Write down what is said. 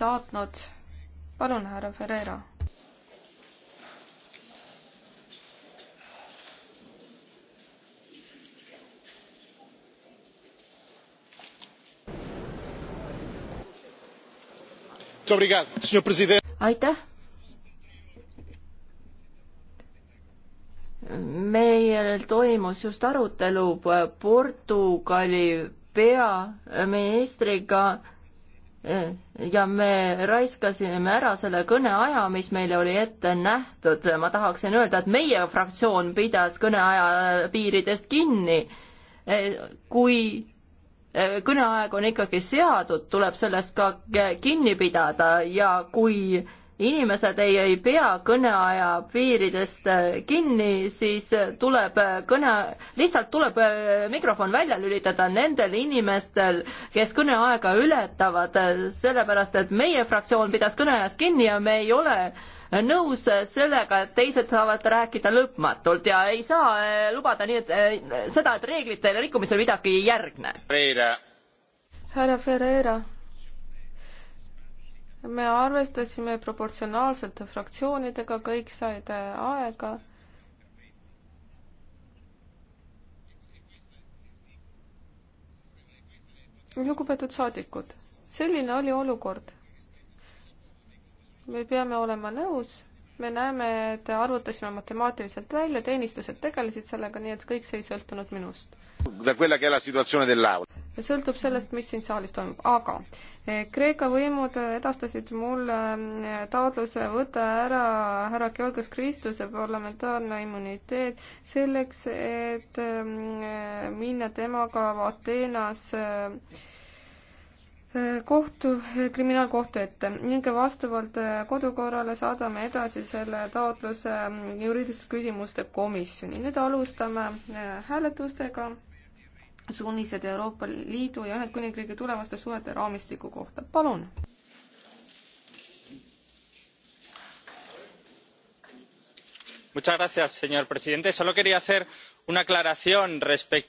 saatnud. palun, härra Ferreira. aitäh. meil toimus just arutelu Portugali peaministriga ja me raiskasime ära selle kõneaja, mis meile oli ette nähtud. ma tahaksin öelda, et meie fraktsioon pidas kõneaja piiridest kinni. E, kui e, kõneaeg on ikkagi seadud, tuleb sellest ka kinni pidada ja kui inimesed ei, ei pea kõneaja piiridest äh, kinni, siis äh, tuleb äh, kõne, lihtsalt tuleb mikrofon välja lülitada nendel inimestel, kes kõneaega ületavad, sellepärast et meie fraktsioon pidas kõneajast kinni ja me ei ole nõus sellega, et teised saavad rääkida lõpmatult ja ei saa lubada nii, et seda, et reeglite rikkumisel midagi ei järgne. härra Ferreira me arvestasime proportsionaalselt fraktsioonidega, kõik said äh, aega. lugupeetud saadikud, selline oli olukord. me peame olema nõus, me näeme, et arvutasime matemaatiliselt välja, teenistused tegelesid sellega, nii et kõik see ei sõltunud minust sõltub sellest, mis siin saalis toimub, aga eh, Kreeka võimud edastasid mulle eh, taotluse võtta ära härra Georgios Kristuse parlamentaarne immuniteet selleks, et mm, minna temaga Ateenas eh, kohtu, kriminaalkohtu ette ning vastavalt kodukorrale saadame edasi selle taotluse mm, juriidiliste küsimuste komisjoni. nüüd alustame hääletustega suunised Euroopa Liidu ja Ühendkuningriigi tulevaste suhete raamistiku kohta. palun! señor presidente solo quería hacer una aclaración respecto.